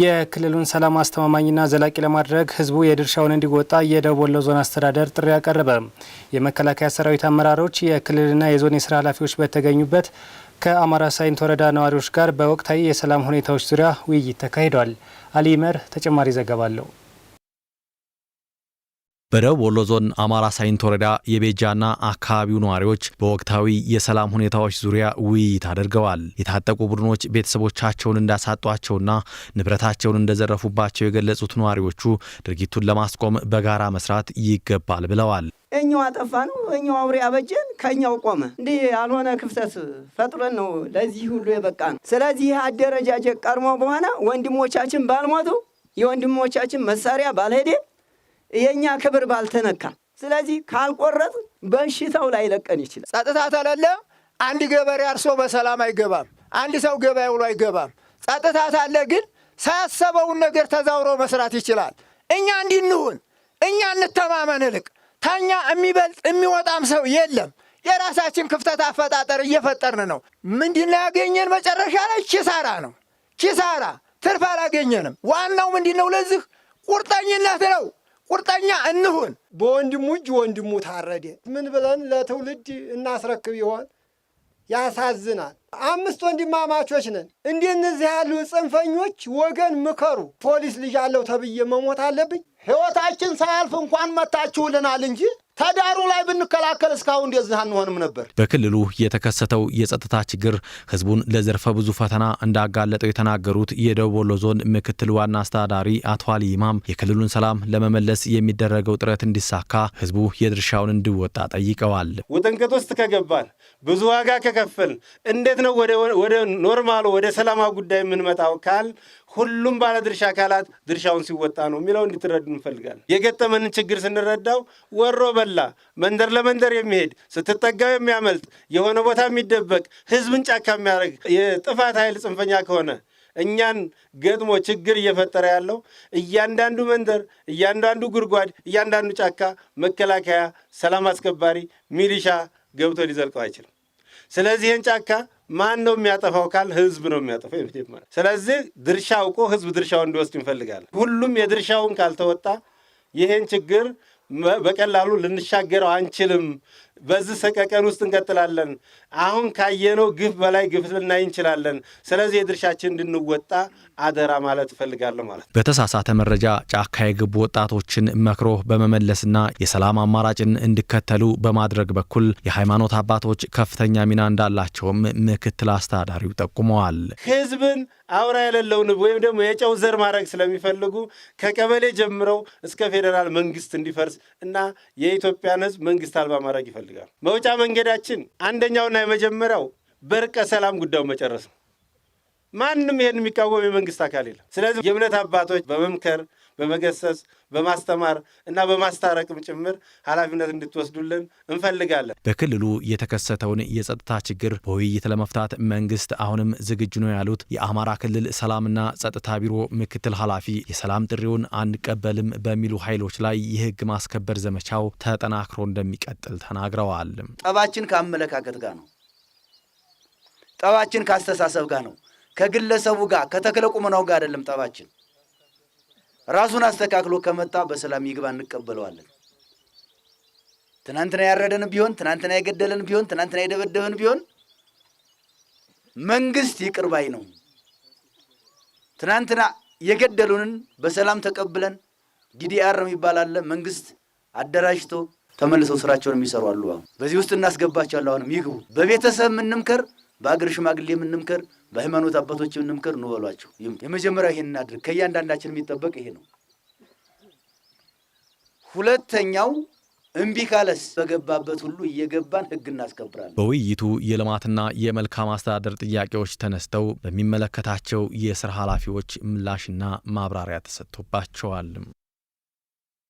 የክልሉን ሰላም አስተማማኝና ዘላቂ ለማድረግ ህዝቡ የድርሻውን እንዲወጣ የደቡብ ወሎ ዞን አስተዳደር ጥሪ አቀረበ። የመከላከያ ሰራዊት አመራሮች፣ የክልልና የዞን የስራ ኃላፊዎች በተገኙበት ከአማራ ሳይንት ወረዳ ነዋሪዎች ጋር በወቅታዊ የሰላም ሁኔታዎች ዙሪያ ውይይት ተካሂዷል። አሊመር መር ተጨማሪ ዘገባ አለው። በደቡብ ወሎ ዞን አማራ ሳይንት ወረዳ የቤጃና አካባቢው ነዋሪዎች በወቅታዊ የሰላም ሁኔታዎች ዙሪያ ውይይት አድርገዋል። የታጠቁ ቡድኖች ቤተሰቦቻቸውን እንዳሳጧቸውና ንብረታቸውን እንደዘረፉባቸው የገለጹት ነዋሪዎቹ ድርጊቱን ለማስቆም በጋራ መስራት ይገባል ብለዋል። እኛው አጠፋ ነው፣ እኛው አውሬ አበጀን፣ ከእኛው ቆመ። እንዲህ ያልሆነ ክፍተት ፈጥረን ነው ለዚህ ሁሉ የበቃ ነው። ስለዚህ አደረጃጀት ቀድሞ በሆነ ወንድሞቻችን ባልሞቱ የወንድሞቻችን መሳሪያ ባልሄደን የእኛ ክብር ባልተነካ። ስለዚህ ካልቆረጥ በሽታው ላይ ለቀን ይችላል። ጸጥታ ተለለ አንድ ገበሬ አርሶ በሰላም አይገባም። አንድ ሰው ገበያ ውሎ አይገባም። ጸጥታ ታለ ግን ሳያሰበውን ነገር ተዛውሮ መስራት ይችላል። እኛ እንዲህ እንሁን፣ እኛ እንተማመን። እልቅ ተኛ የሚበልጥ የሚወጣም ሰው የለም። የራሳችን ክፍተት አፈጣጠር እየፈጠርን ነው። ምንድን ያገኘን መጨረሻ ላይ ኪሳራ ነው። ኪሳራ ትርፍ አላገኘንም። ዋናው ምንድን ነው? ለዚህ ቁርጠኝነት ነው። ቁርጠኛ እንሁን። በወንድሙ እጅ ወንድሙ ታረደ። ምን ብለን ለትውልድ እናስረክብ ይሆን? ያሳዝናል። አምስት ወንድማማቾች ነን። እንደ እነዚህ ያሉ ጽንፈኞች ወገን ምከሩ። ፖሊስ ልጅ አለው ተብዬ መሞት አለብኝ? ሕይወታችን ሳያልፍ እንኳን መታችሁልናል እንጂ ተዳሩ ላይ ብንከላከል እስካሁን እንደዚህ አንሆንም ነበር። በክልሉ የተከሰተው የጸጥታ ችግር ህዝቡን ለዘርፈ ብዙ ፈተና እንዳጋለጠው የተናገሩት የደቡብ ወሎ ዞን ምክትል ዋና አስተዳዳሪ አቶ አሊ ኢማም የክልሉን ሰላም ለመመለስ የሚደረገው ጥረት እንዲሳካ ህዝቡ የድርሻውን እንዲወጣ ጠይቀዋል። ውጥንቅጥ ውስጥ ከገባን ብዙ ዋጋ ከከፈልን እንዴት ነው ወደ ኖርማሉ ወደ ሰላማዊ ጉዳይ የምንመጣው ካል ሁሉም ባለድርሻ አካላት ድርሻውን ሲወጣ ነው የሚለው እንድትረዱ እንፈልጋለን። የገጠመንን ችግር ስንረዳው ወሮ በላ መንደር ለመንደር የሚሄድ ስትጠጋው የሚያመልጥ የሆነ ቦታ የሚደበቅ ህዝብን ጫካ የሚያደርግ የጥፋት ኃይል ጽንፈኛ ከሆነ እኛን ገጥሞ ችግር እየፈጠረ ያለው እያንዳንዱ መንደር፣ እያንዳንዱ ጉድጓድ፣ እያንዳንዱ ጫካ መከላከያ፣ ሰላም አስከባሪ፣ ሚሊሻ ገብቶ ሊዘልቀው አይችልም። ስለዚህ ጫካ ማን ነው የሚያጠፋው ካል ህዝብ ነው የሚያጠፋው ኢፌክቲቭ ማለት። ስለዚህ ድርሻ አውቆ ህዝብ ድርሻው እንዲወስድ እንፈልጋለን። ሁሉም የድርሻውን ካልተወጣ ይህን ችግር በቀላሉ ልንሻገረው አንችልም በዚህ ሰቀቀን ውስጥ እንቀጥላለን። አሁን ካየነው ግፍ በላይ ግፍ ልናይ እንችላለን። ስለዚህ የድርሻችን እንድንወጣ አደራ ማለት እፈልጋለሁ። ማለት በተሳሳተ መረጃ ጫካ የገቡ ወጣቶችን መክሮ በመመለስና የሰላም አማራጭን እንዲከተሉ በማድረግ በኩል የሃይማኖት አባቶች ከፍተኛ ሚና እንዳላቸውም ምክትል አስተዳዳሪው ጠቁመዋል። ህዝብን አውራ የሌለው ንብ ወይም ደግሞ የጨው ዘር ማድረግ ስለሚፈልጉ ከቀበሌ ጀምረው እስከ ፌዴራል መንግስት እንዲፈርስ እና የኢትዮጵያን ህዝብ መንግስት አልባ ማድረግ ይፈልጋል። ያስፈልጋል። መውጫ መንገዳችን አንደኛውና የመጀመሪያው በርቀ ሰላም ጉዳዩ መጨረስ ነው። ማንም ይሄን የሚቃወም የመንግስት አካል የለም። ስለዚህ የእምነት አባቶች በመምከር በመገሰጽ በማስተማር እና በማስታረቅም ጭምር ኃላፊነት እንድትወስዱልን እንፈልጋለን። በክልሉ የተከሰተውን የጸጥታ ችግር በውይይት ለመፍታት መንግስት አሁንም ዝግጁ ነው ያሉት የአማራ ክልል ሰላምና ጸጥታ ቢሮ ምክትል ኃላፊ የሰላም ጥሪውን አንቀበልም በሚሉ ኃይሎች ላይ የህግ ማስከበር ዘመቻው ተጠናክሮ እንደሚቀጥል ተናግረዋል። ጠባችን ከአመለካከት ጋር ነው። ጠባችን ከአስተሳሰብ ጋር ነው። ከግለሰቡ ጋር ከተክለ ቁመናው ጋር አይደለም ጠባችን ራሱን አስተካክሎ ከመጣ በሰላም ይግባ እንቀበለዋለን። ትናንትና ያረደን ቢሆን፣ ትናንትና የገደለን ቢሆን፣ ትናንትና የደበደበን ቢሆን መንግስት ይቅር ባይ ነው። ትናንትና የገደሉንን በሰላም ተቀብለን ዲዲአር የሚባል አለ መንግስት አደራጅቶ ተመልሰው ስራቸውን የሚሰሩ አሉ። አሁን በዚህ ውስጥ እናስገባቸዋለን። አሁንም ይግቡ። በቤተሰብ የምንምከር፣ በአገር ሽማግሌ የምንምከር በሃይማኖት አባቶች እንምከር ነው በሏቸው። ይሄን እናድርግ። ከእያንዳንዳችን የሚጠበቅ ይሄ ነው። ሁለተኛው እምቢ ካለስ በገባበት ሁሉ እየገባን ህግ እናስከብራለን። በውይይቱ የልማትና የመልካም አስተዳደር ጥያቄዎች ተነስተው በሚመለከታቸው የስራ ኃላፊዎች ምላሽና ማብራሪያ ተሰጥቶባቸዋል።